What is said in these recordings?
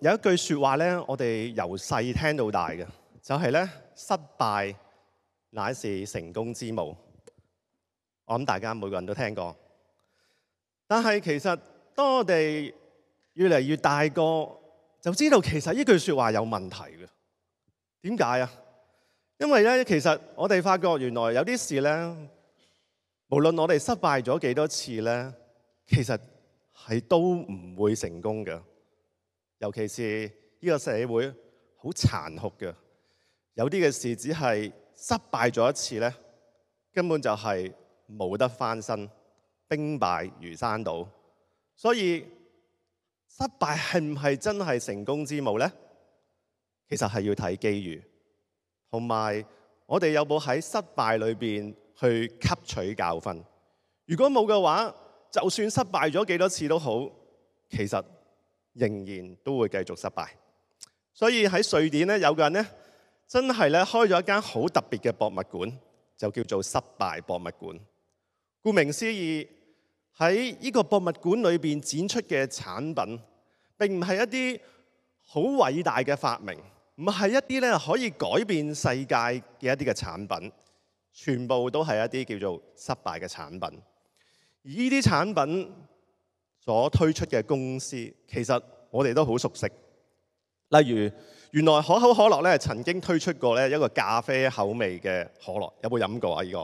有一句說話咧，我哋由細聽到大嘅，就係咧失敗乃是成功之母。我諗大家每個人都聽過，但係其實當我哋越嚟越大個，就知道其實呢句說話有問題嘅。點解啊？因為咧，其實我哋發覺原來有啲事咧，無論我哋失敗咗幾多次咧，其實係都唔會成功嘅。尤其是呢個社會好殘酷的，有啲嘅事只係失敗咗一次呢，根本就係冇得翻身，兵敗如山倒。所以失敗係唔係真係成功之母呢？其實係要睇機遇，同埋我哋有冇喺失敗裏面去吸取教訓。如果冇嘅話，就算失敗咗幾多次都好，其實。仍然都會繼續失敗，所以喺瑞典咧有個人咧真係咧開咗一間好特別嘅博物館，就叫做失敗博物館。顧名思義，喺呢個博物館裏邊展出嘅產品並唔係一啲好偉大嘅發明，唔係一啲咧可以改變世界嘅一啲嘅產品，全部都係一啲叫做失敗嘅產品。而呢啲產品。所推出嘅公司，其實我哋都好熟悉。例如，原來可口可樂咧曾經推出過咧一個咖啡口味嘅可樂，有冇飲過啊？呢個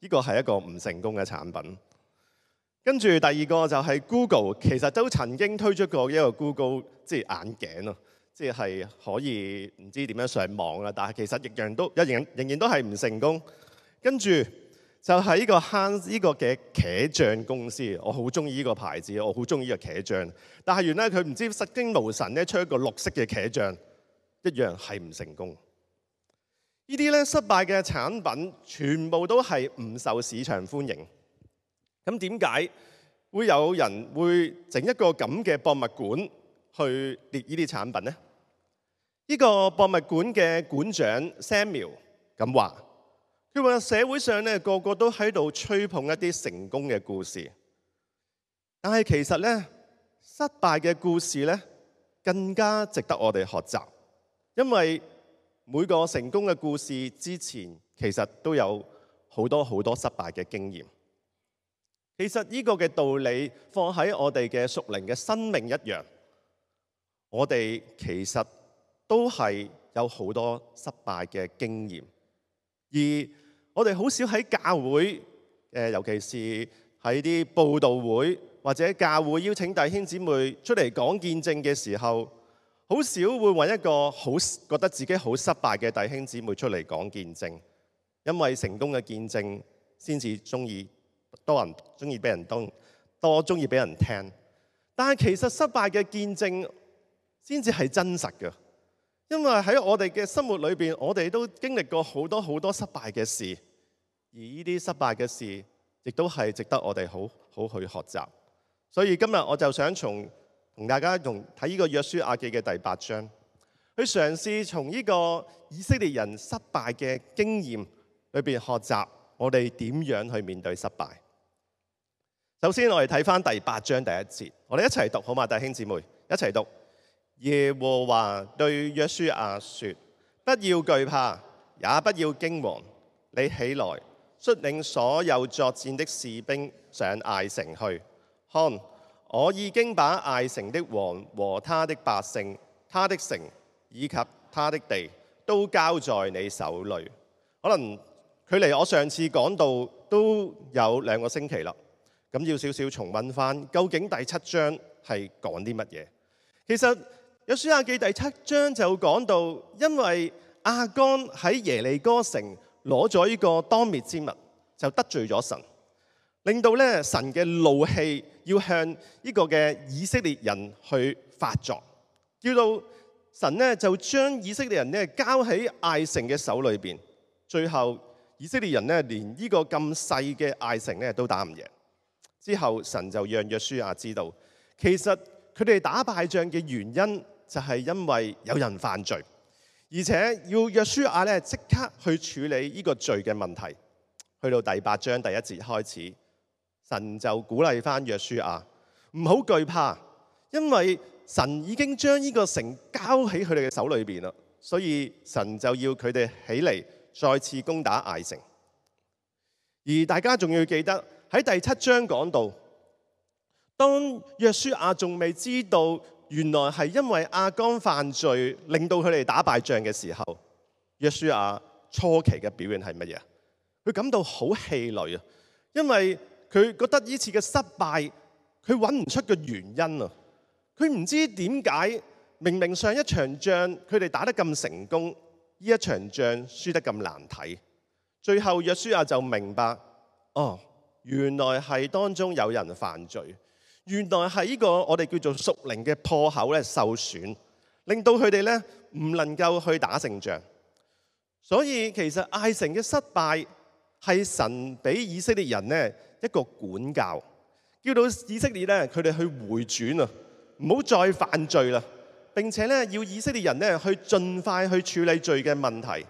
呢個係一個唔成功嘅產品。跟住第二個就係 Google，其實都曾經推出過一個 Google 即係眼鏡，即係可以唔知點樣上網啊。但係其實都仍然仍然都係唔成功。跟住。就係呢個 Heinz 呢個嘅茄醬公司，我好中意呢個牌子，我好中意呢個茄醬。但係原來佢唔知失驚無神咧，出一個綠色嘅茄醬，一樣係唔成功。呢啲咧失敗嘅產品，全部都係唔受市場歡迎。咁點解會有人會整一個咁嘅博物館去列呢啲產品呢？呢個博物館嘅館長 Samuel 咁話。佢話：社會上咧，個個都喺度吹捧一啲成功嘅故事，但係其實咧，失敗嘅故事咧，更加值得我哋學習，因為每個成功嘅故事之前，其實都有好多好多失敗嘅經驗。其實呢個嘅道理放喺我哋嘅屬靈嘅生命一樣，我哋其實都係有好多失敗嘅經驗，而我哋好少喺教會，誒，尤其是喺啲佈道會或者教會邀請弟兄姊妹出嚟講見證嘅時候，好少會揾一個好覺得自己好失敗嘅弟兄姊妹出嚟講見證，因為成功嘅見證先至鍾意多人鍾意俾人多多鍾意俾人聽，但係其實失敗嘅見證先至係真實嘅，因為喺我哋嘅生活裏邊，我哋都經歷過好多好多失敗嘅事。而呢啲失敗嘅事，亦都係值得我哋好好去學習。所以今日我就想從同大家用睇呢個約書亞記嘅第八章，去嘗試從呢個以色列人失敗嘅經驗裏邊學習，我哋點樣去面對失敗。首先我哋睇翻第八章第一節，我哋一齊讀好嘛？弟兄姊妹一齊讀。起讀耶和華對約書亞說：不要懼怕，也不要驚惶，你起來。率領所有作戰的士兵上艾城去。看，我已經把艾城的王和他的百姓、他的城以及他的地都交在你手裏。可能距離我上次講到都有兩個星期啦，咁要少少重温翻，究竟第七章係講啲乜嘢？其實《約書亞記》第七章就講到，因為亞干喺耶利哥城。攞咗呢個當滅之物，就得罪咗神，令到咧神嘅怒氣要向呢個嘅以色列人去發作，叫到神呢，就將以色列人呢交喺艾城嘅手裏邊。最後以色列人呢連這個這麼小的呢個咁細嘅艾城呢都打唔贏，之後神就讓約書亞知道，其實佢哋打敗仗嘅原因就係因為有人犯罪。而且要約書亞咧即刻去處理呢個罪嘅問題，去到第八章第一節開始，神就鼓勵翻約書亞，唔好懼怕，因為神已經將呢個城交喺佢哋嘅手裏邊啦，所以神就要佢哋起嚟再次攻打艾城。而大家仲要記得喺第七章講到，當約書亞仲未知道。原來係因為亞干犯罪，令到佢哋打敗仗嘅時候，約書亞初期嘅表現係乜嘢？佢感到好氣餒啊，因為佢覺得呢次嘅失敗，佢揾唔出個原因啊！佢唔知點解，明明上一場仗佢哋打得咁成功，呢一場仗輸得咁難睇。最後約書亞就明白，哦，原來係當中有人犯罪。原來係呢個我哋叫做屬靈嘅破口咧，受損，令到佢哋咧唔能夠去打勝仗。所以其實艾城嘅失敗係神俾以色列人咧一個管教，叫到以色列咧佢哋去回轉啊，唔好再犯罪啦。並且咧要以色列人咧去盡快去處理罪嘅問題，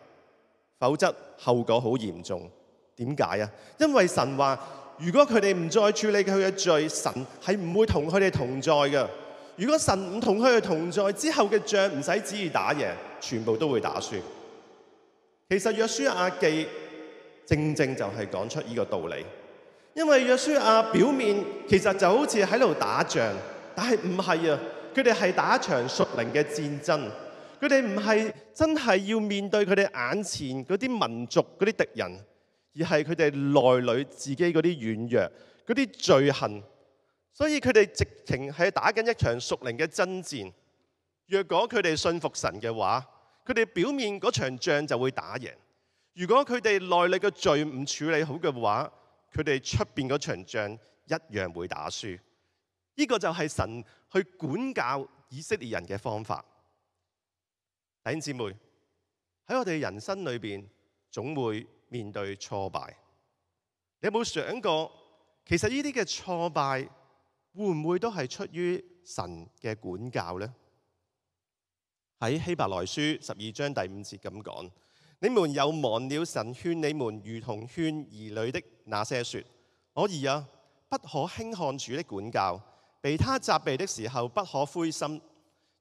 否則後果好嚴重。點解啊？因為神話。如果佢哋唔再處理佢嘅罪，神係唔會同佢哋同在嘅。如果神唔同佢哋同在，之後嘅仗唔使指意打贏，全部都會打輸。其實約書亞記正正就係講出呢個道理，因為約書亞表面其實就好似喺度打仗，但係唔係啊？佢哋係打一場屬靈嘅戰爭，佢哋唔係真係要面對佢哋眼前嗰啲民族嗰啲敵人。而係佢哋內裏自己嗰啲軟弱、嗰啲罪恨，所以佢哋直情係打緊一場屬靈嘅爭戰。若果佢哋信服神嘅話，佢哋表面嗰場仗就會打贏；如果佢哋內裏嘅罪唔處理好嘅話，佢哋出邊嗰場仗一樣會打輸。呢個就係神去管教以色列人嘅方法。弟兄姊妹喺我哋人生裏邊，總會。面對挫敗，你有冇想過，其實呢啲嘅挫敗會唔會都係出於神嘅管教呢？喺希伯來書十二章第五節咁講：你們有忘了神勸你們如同勸兒女的那些説：我兒啊，不可輕看主的管教，被他責備的時候不可灰心，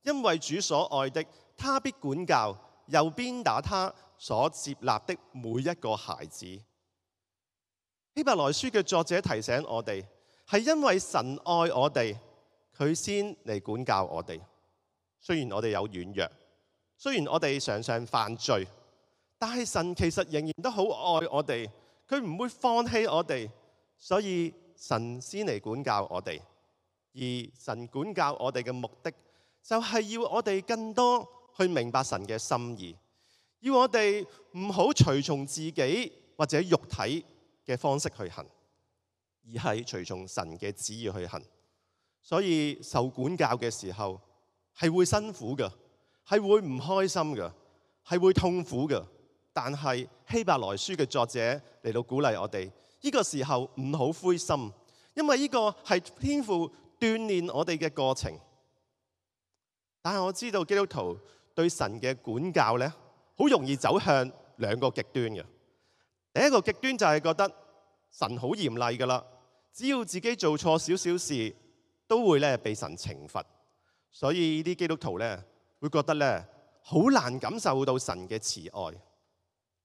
因為主所愛的，他必管教，又鞭打他。所接納的每一個孩子，希伯來書嘅作者提醒我哋，係因為神愛我哋，佢先嚟管教我哋。雖然我哋有軟弱，雖然我哋常常犯罪，但係神其實仍然都好愛我哋，佢唔會放棄我哋，所以神先嚟管教我哋。而神管教我哋嘅目的，就係要我哋更多去明白神嘅心意。要我哋唔好隨從自己或者肉體嘅方式去行，而係隨從神嘅旨意去行。所以受管教嘅時候係會辛苦嘅，係會唔開心嘅，係會痛苦嘅。但係希伯來書嘅作者嚟到鼓勵我哋，呢、呢個時候唔好灰心，因為呢個係天父鍛鍊我哋嘅過程。但係我知道基督徒對神嘅管教咧，好容易走向兩個極端嘅。第一個極端就係覺得神好嚴厲㗎啦，只要自己做錯少少事，都會咧被神懲罰，所以啲基督徒咧會覺得咧好難感受到神嘅慈愛。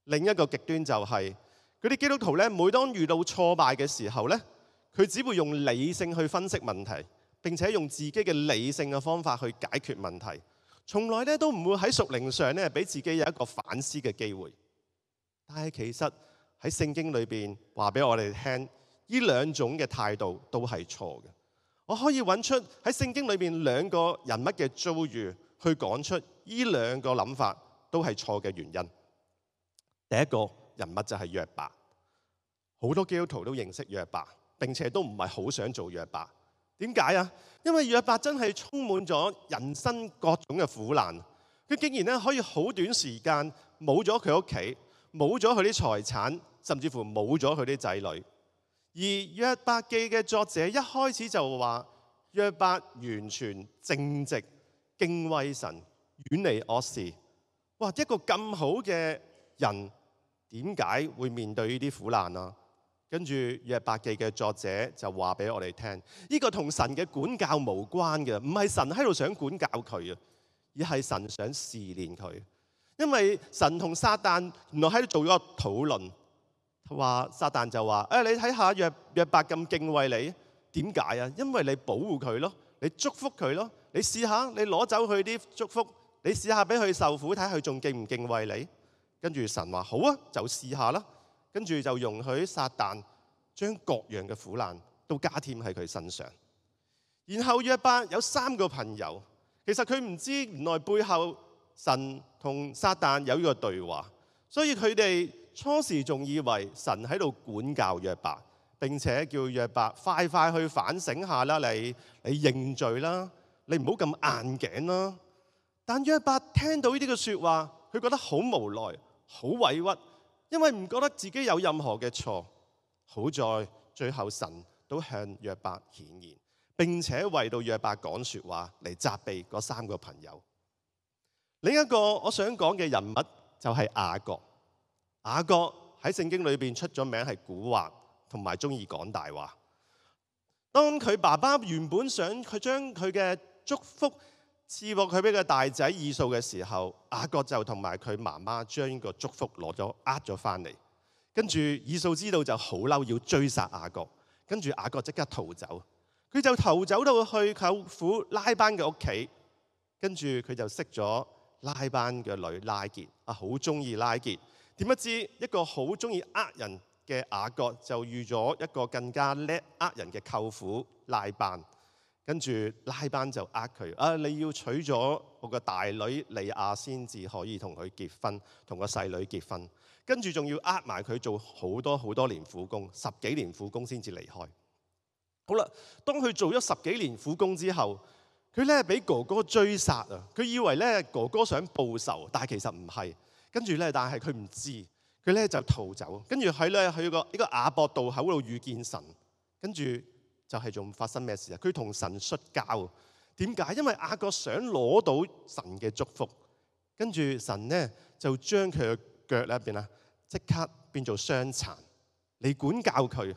另一個極端就係啲基督徒咧，每當遇到挫敗嘅時候咧，佢只會用理性去分析問題，並且用自己嘅理性嘅方法去解決問題。從來咧都唔會喺屬靈上咧俾自己有一個反思嘅機會，但係其實喺聖經裏邊話俾我哋聽，呢兩種嘅態度都係錯嘅。我可以揾出喺聖經裏邊兩個人物嘅遭遇去講出呢兩個諗法都係錯嘅原因。第一個人物就係約伯，好多基督徒都認識約伯，並且都唔係好想做約伯。點解啊？因為約伯真係充滿咗人生各種嘅苦難，佢竟然咧可以好短時間冇咗佢屋企，冇咗佢啲財產，甚至乎冇咗佢啲仔女。而約伯記嘅作者一開始就話：約伯完全正直，敬畏神，遠離惡事。哇！一個咁好嘅人，點解會面對呢啲苦難啊？跟住約伯記嘅作者就話俾我哋聽，呢個同神嘅管教無關嘅，唔係神喺度想管教佢啊，而係神想試煉佢。因為神同撒旦原來喺度做咗個討論，話撒旦就話，誒，你睇下約約伯咁敬畏你，點解啊？因為你保護佢咯，你祝福佢咯，你試下，你攞走佢啲祝福，你試下俾佢受苦，睇下佢仲敬唔敬畏你。跟住神話：好啊，就試下啦。跟住就容許撒旦將各樣嘅苦難都加添喺佢身上，然後約伯有三個朋友，其實佢唔知，原來背後神同撒旦有一個對話，所以佢哋初時仲以為神喺度管教約伯，並且叫約伯快快去反省下啦，你你認罪啦，你唔好咁硬頸啦。但約伯聽到呢啲嘅説話，佢覺得好無奈，好委屈。因為唔覺得自己有任何嘅錯，好在最後神都向約伯顯現，並且為到約伯講說話嚟責備嗰三個朋友。另一個我想講嘅人物就係雅各。雅各喺聖經裏邊出咗名係古惑，同埋中意講大話。當佢爸爸原本想佢將佢嘅祝福。試搏佢俾個大仔以掃嘅時候，雅各就同埋佢媽媽將個祝福攞咗呃咗翻嚟，跟住以掃知道就好嬲，要追殺雅各。跟住雅各即刻逃走，佢就逃走到去舅父拉班嘅屋企，跟住佢就識咗拉班嘅女拉結，啊，好中意拉結。點不知一個好中意呃人嘅雅各就遇咗一個更加叻呃人嘅舅父拉班。跟住拉班就呃佢，啊你要娶咗我個大女利亞先至可以同佢結婚，同個細女結婚。跟住仲要呃埋佢做好多好多年苦工，十幾年苦工先至離開。好啦，當佢做咗十幾年苦工之後，佢咧俾哥哥追殺啊！佢以為咧哥哥想報仇，但其實唔係。跟住咧，但係佢唔知，佢咧就逃走。跟住喺咧喺個呢個雅博渡口度遇見神，跟住。就係仲發生咩事啊？佢同神摔跤，點解？因為阿國想攞到神嘅祝福，跟住神呢，就將佢嘅腳咧變啦，即刻變做傷殘嚟管教佢。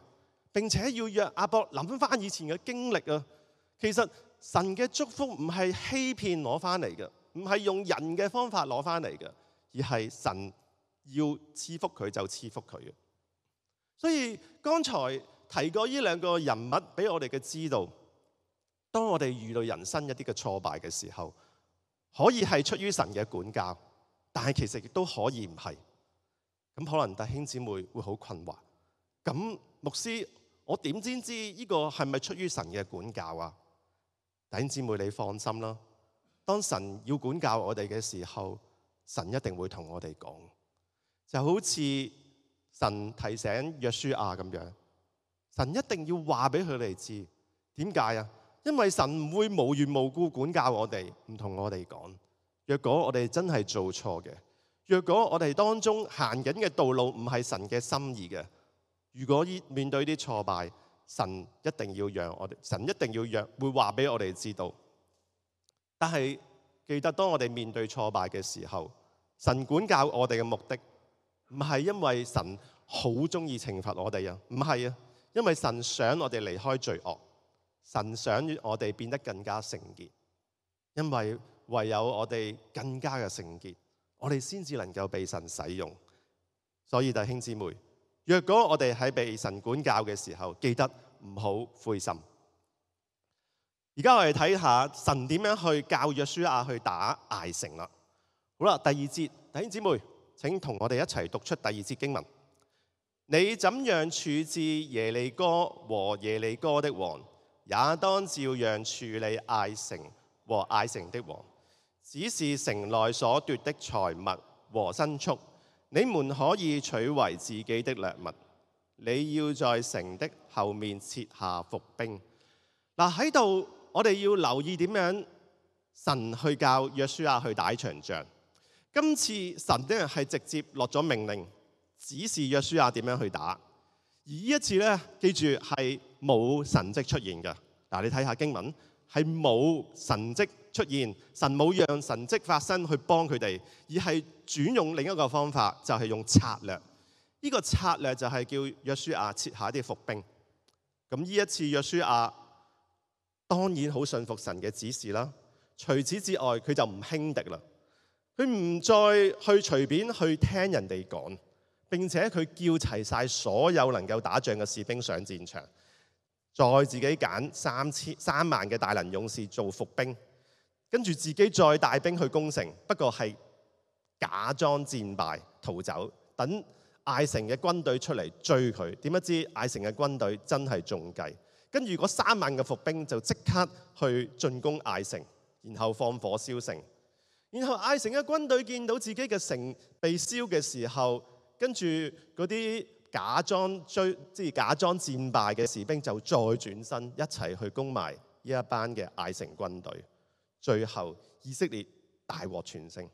並且要約阿博諗翻以前嘅經歷啊！其實神嘅祝福唔係欺騙攞翻嚟嘅，唔係用人嘅方法攞翻嚟嘅，而係神要賜福佢就賜福佢嘅。所以剛才提過呢兩個人物俾我哋嘅知道，當我哋遇到人生一啲嘅挫敗嘅時候，可以係出於神嘅管教，但係其實亦都可以唔係咁。可能弟兄姊妹會好困惑。咁牧師，我點先知呢個係咪出於神嘅管教啊？弟兄姊妹，你放心啦。當神要管教我哋嘅時候，神一定會同我哋講，就好似神提醒約書亞咁樣。神一定要話俾佢哋知點解啊？因為神唔會無緣無故管教我哋，唔同我哋講。若果我哋真係做錯嘅，若果我哋當中行緊嘅道路唔係神嘅心意嘅，如果呢，面對啲挫敗，神一定要讓我哋，神一定要讓會話俾我哋知道。但係記得，當我哋面對挫敗嘅時候，神管教我哋嘅目的唔係因為神好中意懲罰我哋啊，唔係啊。因為神想我哋離開罪惡，神想我哋變得更加聖潔。因為唯有我哋更加嘅聖潔，我哋先至能夠被神使用。所以弟兄姊妹，若果我哋喺被神管教嘅時候，記得唔好灰心。而家我哋睇下神點樣去教約書亞去打艾城啦。好啦，第二節，弟兄姊妹，請同我哋一齊讀出第二節經文。你怎樣處置耶利哥和耶利哥的王，也當照樣處理艾城和艾城的王。只是城內所奪的財物和牲畜，你們可以取為自己的掠物。你要在城的後面設下伏兵。嗱，喺度我哋要留意點樣神去教約書亞去打一場仗。今次神的人係直接落咗命令。指示約書亞點樣去打，而呢一次呢，記住係冇神跡出現嘅。嗱，你睇下經文係冇神跡出現，神冇讓神跡發生去幫佢哋，而係轉用另一個方法，就係用策略。呢個策略就係叫約書亞設下啲伏兵。咁呢一次約書亞當然好信服神嘅指示啦。除此之外，佢就唔輕敵啦，佢唔再去隨便去聽人哋講。並且佢叫齊晒所有能夠打仗嘅士兵上戰場，再自己揀三千三萬嘅大能勇士做伏兵，跟住自己再帶兵去攻城。不過係假裝戰敗逃走，等艾城嘅軍隊出嚟追佢。點不知艾城嘅軍隊真係中計，跟住嗰三萬嘅伏兵就即刻去進攻艾城，然後放火燒城。然後艾城嘅軍隊見到自己嘅城被燒嘅時候，跟住嗰啲假裝追，即假裝戰敗嘅士兵，就再轉身一齊去攻埋呢一班嘅艾城軍隊。最後以色列大獲全勝。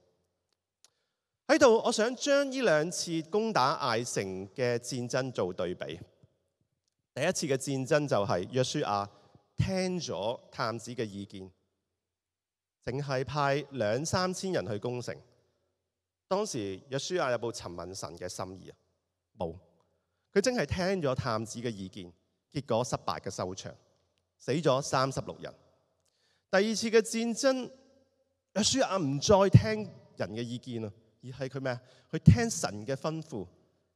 喺度，我想將呢兩次攻打艾城嘅戰爭做對比。第一次嘅戰爭就係約書亞聽咗探子嘅意見，淨係派兩三千人去攻城。當時約書亞有冇詢問神嘅心意啊？冇。佢真係聽咗探子嘅意見，結果失敗嘅收場，死咗三十六人。第二次嘅戰爭，約書亞唔再聽人嘅意見啦，而係佢咩啊？佢聽神嘅吩咐，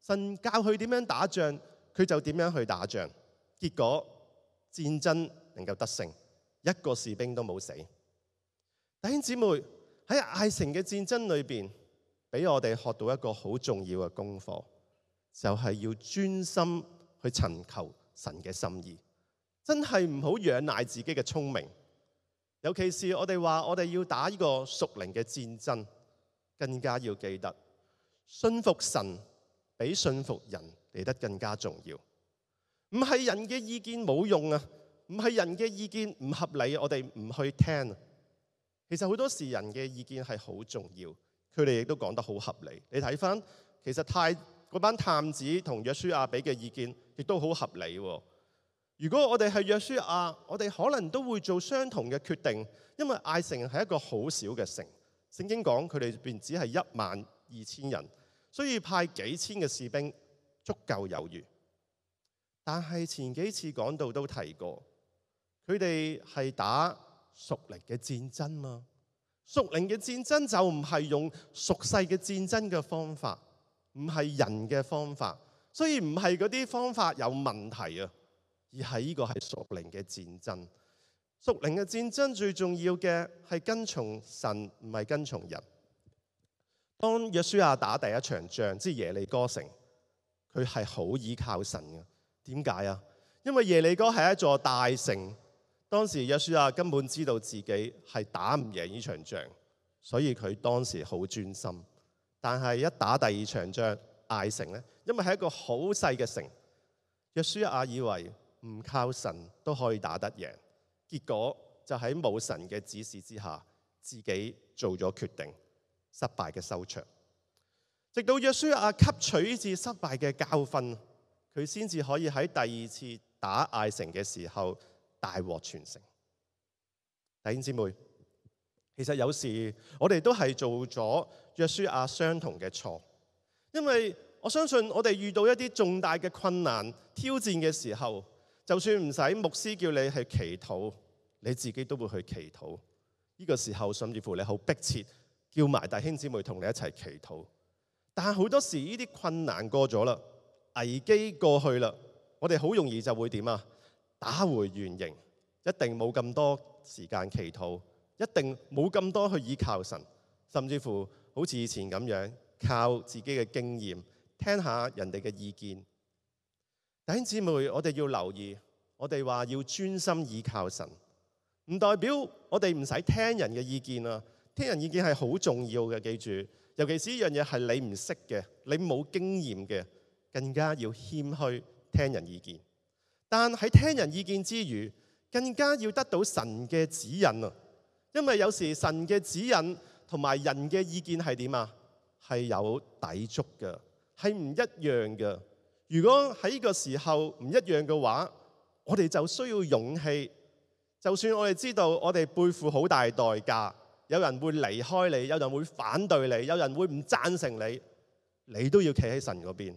神教佢點樣打仗，佢就點樣去打仗，結果戰爭能夠得勝，一個士兵都冇死。弟兄姊妹，喺艾城嘅戰爭裏邊。俾我哋學到一個好重要嘅功課，就係要專心去尋求神嘅心意，真係唔好仰賴自己嘅聰明。尤其是我哋話我哋要打呢個屬靈嘅戰爭，更加要記得信服神比信服人嚟得更加重要。唔係人嘅意見冇用啊，唔係人嘅意見唔合理，我哋唔去聽。其實好多時人嘅意見係好重要。佢哋亦都講得好合理。你睇翻，其實太嗰班探子同約書亞俾嘅意見亦都好合理，哦。如果我哋係約書亞，我哋可能都會做相同嘅決定，因為艾城係一個好小嘅城。聖經講佢哋便只係一萬二千人，所以派幾千嘅士兵足夠有餘。但係前幾次講到都提過，佢哋係打屬靈嘅戰爭嘛。屬靈嘅戰爭就唔係用俗世嘅戰爭嘅方法，唔係人嘅方法，所以唔係嗰啲方法有問題啊，而係呢個係屬靈嘅戰爭。屬靈嘅戰爭最重要嘅係跟從神，唔係跟從人。當約書亞打第一場仗，即係耶利哥城，佢係好依靠神嘅。點解啊？因為耶利哥係一座大城。當時約書亞根本知道自己係打唔贏呢場仗，所以佢當時好專心。但係一打第二場仗，艾城呢，因為係一個好細嘅城，約書亞以為唔靠神都可以打得贏，結果就喺冇神嘅指示之下，自己做咗決定，失敗嘅收場。直到約書亞吸取呢次失敗嘅教訓，佢先至可以喺第二次打艾城嘅時候。大獲全勝，弟兄姐妹，其實有時我哋都係做咗約書亞相同嘅錯，因為我相信我哋遇到一啲重大嘅困難、挑戰嘅時候，就算唔使牧師叫你去祈禱，你自己都會去祈禱。呢、這個時候甚至乎你好迫切，叫埋弟兄姐妹同你一齊祈禱。但係好多時呢啲困難過咗啦，危機過去啦，我哋好容易就會點啊？打回原形，一定冇咁多時間祈禱，一定冇咁多去依靠神，甚至乎好似以前咁樣靠自己嘅經驗，聽下人哋嘅意見。弟兄姊妹，我哋要留意，我哋話要專心依靠神，唔代表我哋唔使聽人嘅意見啊！聽人意見係好重要嘅，記住，尤其是呢樣嘢係你唔識嘅，你冇經驗嘅，更加要謙虛聽人意見。但喺聽人意見之餘，更加要得到神嘅指引啊！因為有時神嘅指引同埋人嘅意見係點啊？係有抵觸嘅，係唔一樣嘅。如果喺呢個時候唔一樣嘅話，我哋就需要勇氣。就算我哋知道我哋背負好大代價，有人會離開你，有人會反對你，有人會唔贊成你，你都要企喺神嗰邊。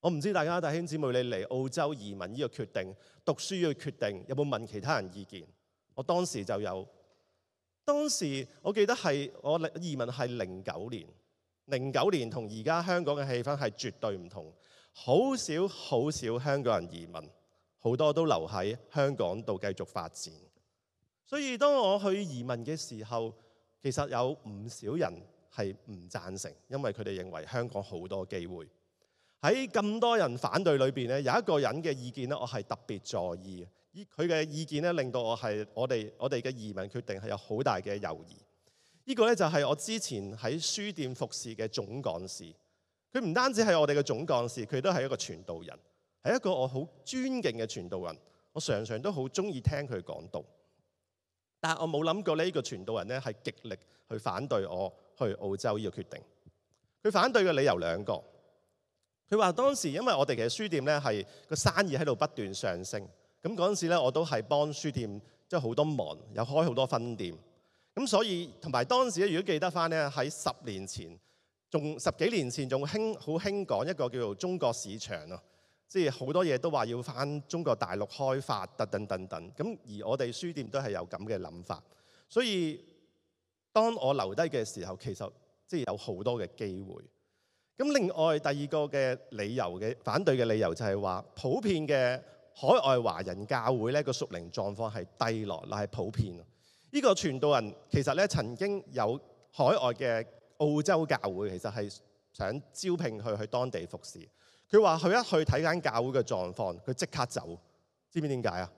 我唔知大家大兄姊妹，你嚟澳洲移民呢個決定、讀書呢個決定，有冇問其他人意見？我當時就有，當時我記得係我移民係零九年，零九年同而家香港嘅氣氛係絕對唔同，好少好少香港人移民，好多都留喺香港度繼續發展。所以當我去移民嘅時候，其實有唔少人係唔讚成，因為佢哋認為香港好多機會。喺咁多人反對裏邊咧，有一個人嘅意見咧，我係特別在意，佢嘅意見咧，令到我係我哋我哋嘅移民決定係有好大嘅猶疑。呢、呢個咧就係我之前喺書店服侍嘅總幹事，佢唔單止係我哋嘅總幹事，佢都係一個傳道人，係一個我好尊敬嘅傳道人，我常常都好中意聽佢講道。但我冇諗過呢個傳道人咧係極力去反對我去澳洲呢個決定。佢反對嘅理由兩個。佢話當時因為我哋嘅書店咧係個生意喺度不斷上升，咁嗰陣時咧我都係幫書店即係好多忙，有開好多分店，咁所以同埋當時咧，如果記得翻咧，喺十年前仲十幾年前仲興好興講一個叫做中國市場啊，即係好多嘢都話要翻中國大陸開發，等等等等。咁而我哋書店都係有咁嘅諗法，所以當我留低嘅時候，其實即係有好多嘅機會。咁另外第二個嘅理由嘅反對嘅理由就係話，普遍嘅海外華人教會咧個屬靈狀況係低落，係普遍。呢個傳道人其實咧曾經有海外嘅澳洲教會，其實係想招聘佢去當地服侍。佢話佢一去睇間教會嘅狀況，佢即刻走。知唔知點解啊？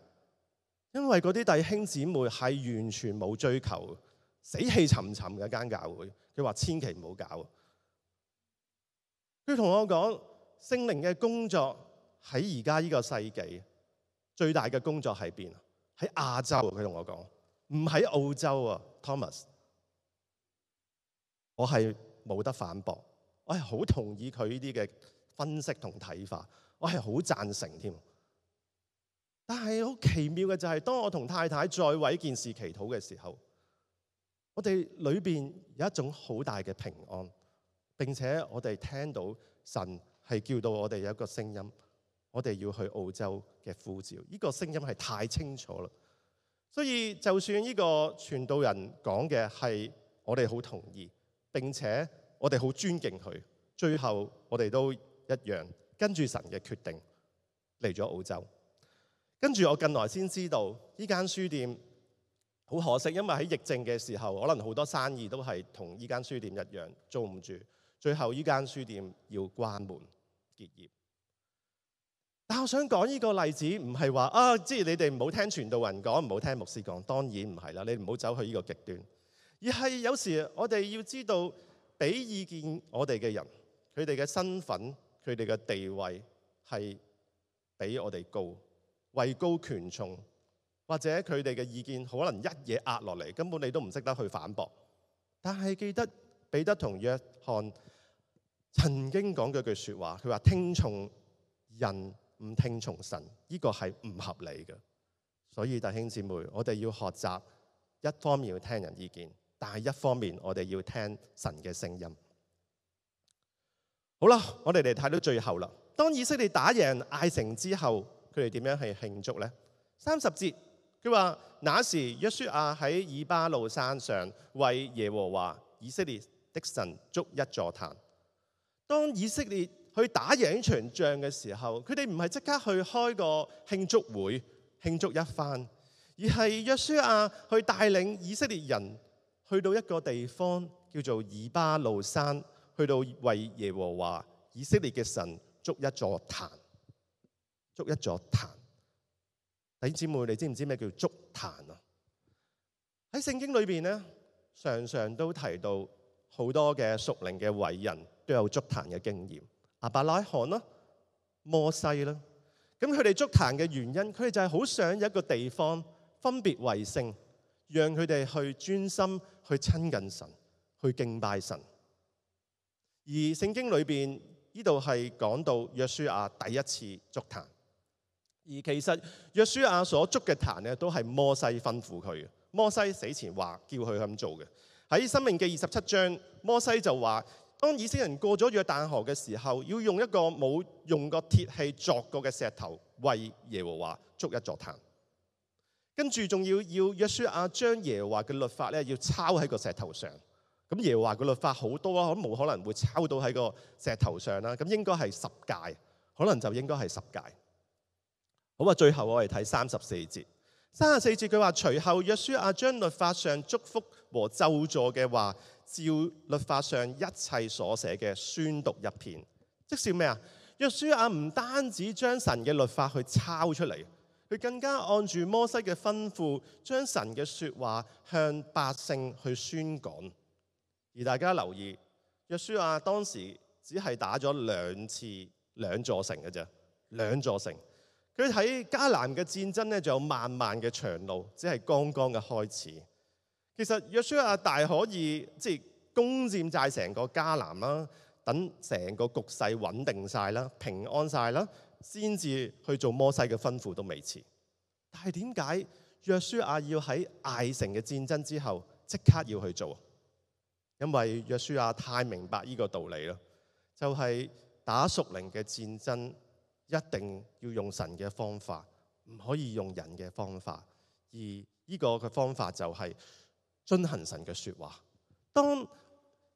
因為嗰啲弟兄姊妹係完全冇追求，死氣沉沉嘅間教會。佢話千祈唔好搞。佢同我講，聖靈嘅工作喺而家呢個世紀最大嘅工作喺邊？喺亞洲，佢同我講，唔喺澳洲啊，Thomas。我係冇得反駁，我係好同意佢呢啲嘅分析同睇法，我係好贊成添。但係好奇妙嘅就係，當我同太太再為件事祈禱嘅時候，我哋裏邊有一種好大嘅平安。並且我哋聽到神係叫到我哋有一個聲音，我哋要去澳洲嘅呼召。呢個聲音係太清楚喇，所以就算呢個傳道人講嘅係我哋好同意，並且我哋好尊敬佢，最後我哋都一樣跟住神嘅決定嚟咗澳洲。跟住我近來先知道呢間書店，好可惜，因為喺疫症嘅時候，可能好多生意都係同呢間書店一樣做唔住。最後呢間書店要關門結業，但我想講呢個例子唔係話啊，即係你哋唔好聽傳道人講，唔好聽牧師講，當然唔係啦，你唔好走去呢個極端，而係有時我哋要知道俾意見我哋嘅人，佢哋嘅身份、佢哋嘅地位係比我哋高，位高權重，或者佢哋嘅意見可能一嘢壓落嚟，根本你都唔識得去反駁。但係記得。彼得同約翰曾經講咗句說話，佢話聽從人唔聽從神，呢個係唔合理嘅。所以弟兄姊妹，我哋要學習，一方面要聽人意見，但係一方面我哋要聽神嘅聲音。好啦，我哋嚟睇到最後啦。當以色列打贏艾城之後，佢哋點樣去慶祝呢？三十節，佢話那時約書亞喺以巴路山上為耶和華以色列。的神築一座壇。當以色列去打贏一場仗嘅時候，佢哋唔係即刻去開個慶祝會慶祝一番，而係約書亞去帶領以色列人去到一個地方叫做以巴路山，去到為耶和華以色列嘅神築一座壇，築一座壇。弟兄姊妹，你知唔知咩叫築壇啊？喺聖經裏邊呢，常常都提到。好多嘅屬靈嘅偉人都有築壇嘅經驗，阿伯拉罕啦、摩西啦，咁佢哋築壇嘅原因，佢哋就係好想有一個地方分別為聖，讓佢哋去專心去親近神、去敬拜神。而聖經裏邊呢度係講到約書亞第一次築壇，而其實約書亞所築嘅壇呢都係摩西吩咐佢嘅。摩西死前話，叫佢咁做嘅。喺《申命記》二十七章，摩西就話：「當以色列人過咗約旦河嘅時候，要用一個冇用過鐵器鑿過嘅石頭，為耶和華築一座壇。」跟住仲要要約書亞將耶和華嘅律法咧，要抄喺個石頭上。咁耶和華嘅律法好多啊，咁冇可能會抄到喺個石頭上啦。咁應該係十誡，可能就應該係十誡。好啊，最後我哋睇三十四節。三十四節佢話：隨後約書亞將律法上祝福。和咒助嘅話，照律法上一切所寫嘅宣讀一遍。即是咩啊？約書亞，唔單止將神嘅律法去抄出嚟，佢更加按住摩西嘅吩咐，將神嘅說話向百姓去宣講。而大家留意，約書亞，當時只係打咗兩次兩座城嘅啫，兩座城。佢喺迦南嘅戰爭呢，仲有漫漫嘅長路，只係剛剛嘅開始。其實約書亞大可以即係攻占晒成個迦南啦，等成個局勢穩定晒啦，平安晒啦，先至去做摩西嘅吩咐都未遲。但係點解約書亞要喺艾城嘅戰爭之後即刻要去做？因為約書亞太明白呢個道理啦，就係打屬靈嘅戰爭一定要用神嘅方法，唔可以用人嘅方法。而呢個嘅方法就係。遵行神嘅說話，當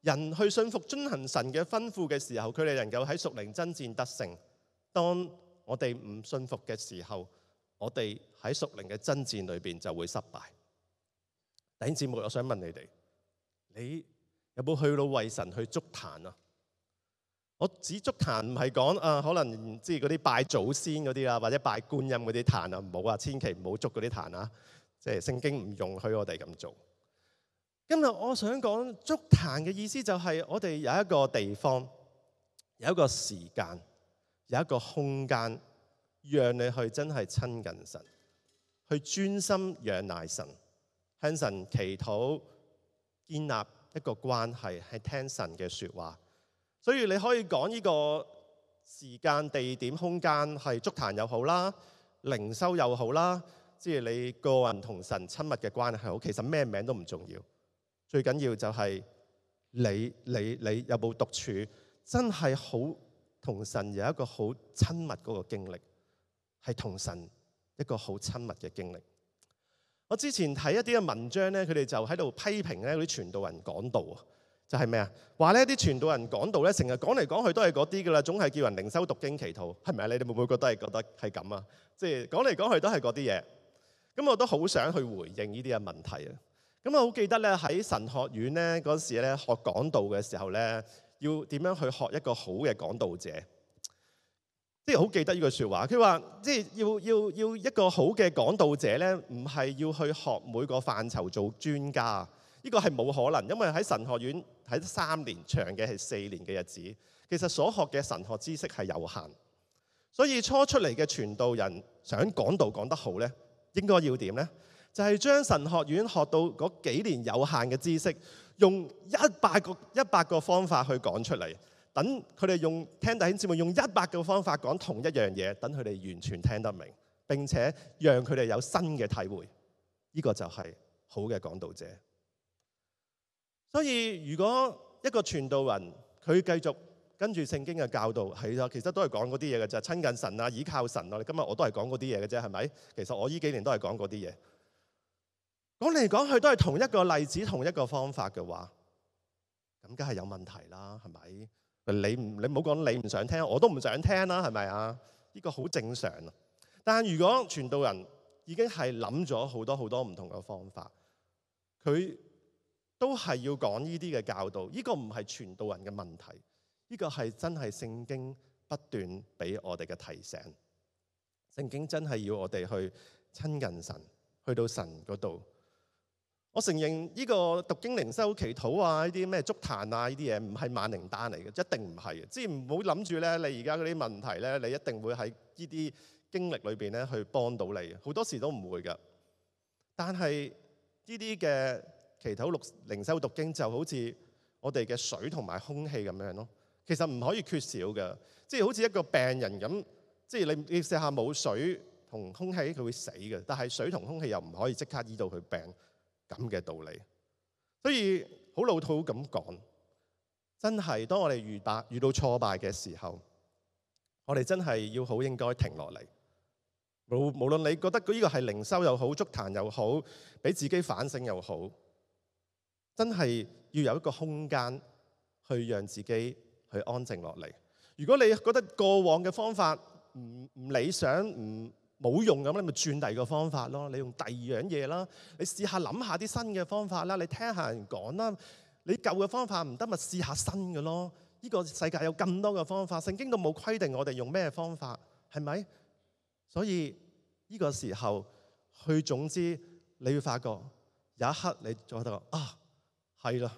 人去信服遵行神嘅吩咐嘅時候，佢哋能夠喺屬靈爭戰得勝。當我哋唔信服嘅時候，我哋喺屬靈嘅爭戰裏邊就會失敗。弟兄姊妹，我想問你哋，你有冇去到為神去築壇啊？我指築壇唔係講啊，可能即係嗰啲拜祖先嗰啲啊，或者拜觀音嗰啲壇啊，唔好啊，千祈唔好築嗰啲壇啊，即係聖經唔容許我哋咁做。今日我想講築壇嘅意思就係，我哋有一個地方，有一個時間，有一個空間，讓你去真係親近神，去專心仰賴神，向神祈禱，建立一個關係，係聽神嘅說話。所以你可以講呢個時間、地點、空間係築壇又好啦，靈修又好啦，即係你個人同神親密嘅關係好。其實咩名都唔重要。最緊要就係你你你有冇獨處？真係好同神有一個好親密嗰個經歷，係同神一個好親密嘅經歷。我之前睇一啲嘅文章咧，佢哋就喺度批評咧啲傳道人講道，就係咩啊？話呢啲傳道人講道咧，成日講嚟講去都係嗰啲噶啦，總係叫人靈修讀經祈禱，係咪啊？你哋會唔會覺得係覺得係咁啊？即係講嚟講去都係嗰啲嘢。咁我都好想去回應呢啲嘅問題啊！咁我好記得咧，喺神學院咧嗰時咧學講道嘅時候咧，要點樣去學一個好嘅講道者？即係好記得呢句說話，佢話即係要要要一個好嘅講道者咧，唔係要去學每個範疇做專家，呢個係冇可能，因為喺神學院喺三年長嘅係四年嘅日子，其實所學嘅神學知識係有限，所以初出嚟嘅傳道人想講道講得好咧，應該要點咧？就係將神學院學到嗰幾年有限嘅知識，用一百個一百個方法去講出嚟，等佢哋用聽弟兄姊妹用一百個方法講同一樣嘢，等佢哋完全聽得明，並且讓佢哋有新嘅體會。呢個就係好嘅講道者。所以如果一個傳道人佢繼續跟住聖經嘅教導，係咯，其實都係講嗰啲嘢嘅啫，就係親近神啊，倚靠神啊。今日我都係講嗰啲嘢嘅啫，係咪？其實我呢幾年都係講嗰啲嘢。講嚟講去都係同一個例子，同一個方法嘅話，咁梗係有問題啦，係咪？你唔你唔好講，你唔想聽，我都唔想聽啦，係咪啊？呢個好正常啊。但係如果傳道人已經係諗咗好多好多唔同嘅方法，佢都係要講呢啲嘅教導，呢個唔係傳道人嘅問題，呢個係真係聖經不斷俾我哋嘅提醒。聖經真係要我哋去親近神，去到神嗰度。我承認呢、這個讀經靈修祈禱啊，呢啲咩築壇啊，呢啲嘢唔係萬靈丹嚟嘅，一定唔係。即係唔好諗住咧，你而家嗰啲問題咧，你一定會喺呢啲經歷裏邊咧去幫到你。好多時都唔會㗎。但係呢啲嘅祈禱、讀靈修、讀經就好似我哋嘅水同埋空氣咁樣咯。其實唔可以缺少嘅。即係好似一個病人咁，即係你試下冇水同空氣，佢會死嘅。但係水同空氣又唔可以即刻醫到佢病。咁嘅道理，所以好老土咁講，真係當我哋遇敗遇到挫敗嘅時候，我哋真係要好應該停落嚟。無無論你覺得佢呢個係靈修又好，祝壇又好，俾自己反省又好，真係要有一個空間去讓自己去安靜落嚟。如果你覺得過往嘅方法唔唔理想，唔冇用咁，你咪轉第二個方法咯。你用第二樣嘢啦。你試下諗下啲新嘅方法啦。你聽下人講啦。你舊嘅方法唔得，咪試下新嘅咯。呢個世界有咁多嘅方法，聖經都冇規定我哋用咩方法，係咪？所以呢個時候，去總之你會發覺有一刻你覺得啊，係啦，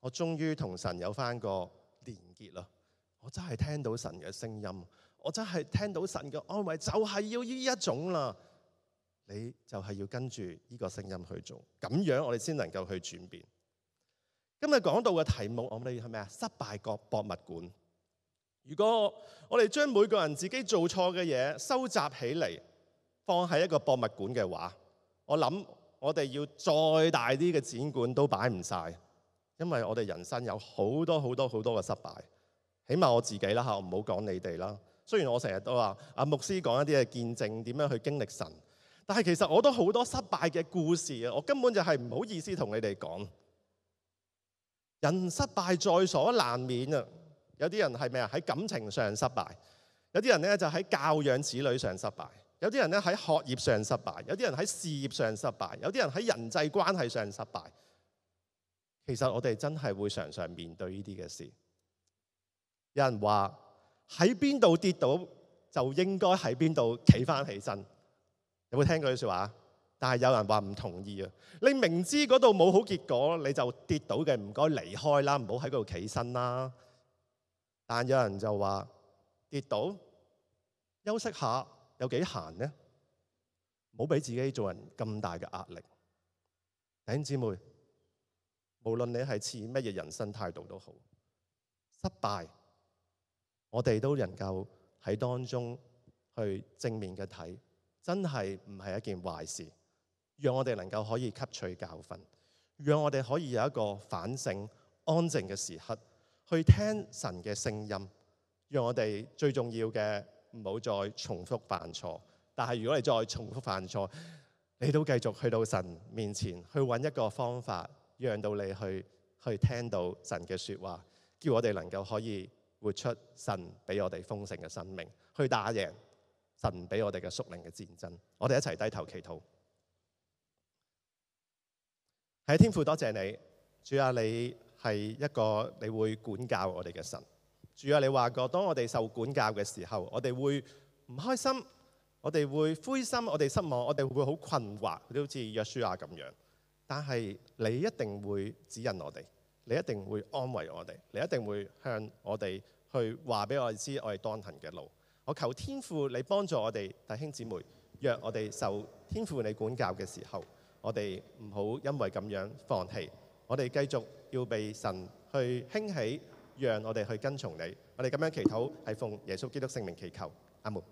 我終於同神有翻個連結啦，我真係聽到神嘅聲音。我真係聽到神嘅安慰，就係要呢一種啦。你就係要跟住呢個聲音去做，咁樣我哋先能夠去轉變。今日講到嘅題目，我哋係咩啊？失敗國博物館。如果我哋將每個人自己做錯嘅嘢收集起嚟，放喺一個博物館嘅話，我諗我哋要再大啲嘅展館都擺唔晒，因為我哋人生有好多好多好多嘅失敗。起碼我自己啦，我唔好講你哋啦。雖然我成日都話阿牧師講一啲嘅見證點樣去經歷神，但係其實我都好多失敗嘅故事啊！我根本就係唔好意思同你哋講，人失敗在所難免啊！有啲人係咩啊？喺感情上失敗，有啲人咧就喺教養子女上失敗，有啲人咧喺學業上失敗，有啲人喺事業上失敗，有啲人喺人際關係上失敗。其實我哋真係會常常面對呢啲嘅事。有人話。喺邊度跌倒就應該喺邊度企返起身，有冇聽過啲説話？但係有人話唔同意啊！你明知嗰度冇好結果，你就跌倒嘅唔該離開啦，唔好喺嗰度企身啦。但有人就話跌倒休息下有幾閒呢？冇俾自己做人咁大嘅壓力，弟兄姊妹，無論你係似乜嘢人生態度都好，失敗。我哋都能夠喺當中去正面嘅睇，真係唔係一件壞事。讓我哋能夠可以吸取教訓，讓我哋可以有一個反省、安靜嘅時刻，去聽神嘅聲音。讓我哋最重要嘅，唔好再重複犯錯。但係如果你再重複犯錯，你都繼續去到神面前，去揾一個方法，讓到你去去聽到神嘅說話，叫我哋能夠可以。活出神俾我哋豐盛嘅生命，去打贏神俾我哋嘅屬靈嘅戰爭。我哋一齊低頭祈禱。喺天父多謝你，主啊，你係一個你會管教我哋嘅神。主啊，你話過，當我哋受管教嘅時候，我哋會唔開心，我哋會灰心，我哋失望，我哋會好困惑，好似約書亞咁樣。但係你一定會指引我哋。你一定會安慰我哋，你一定會向我哋去話俾我哋知，我哋當行嘅路。我求天父，你幫助我哋弟兄姊妹，讓我哋受天父你管教嘅時候，我哋唔好因為咁樣放棄。我哋繼續要被神去興起，讓我哋去跟從你。我哋咁樣祈禱，係奉耶穌基督聖名祈求，阿門。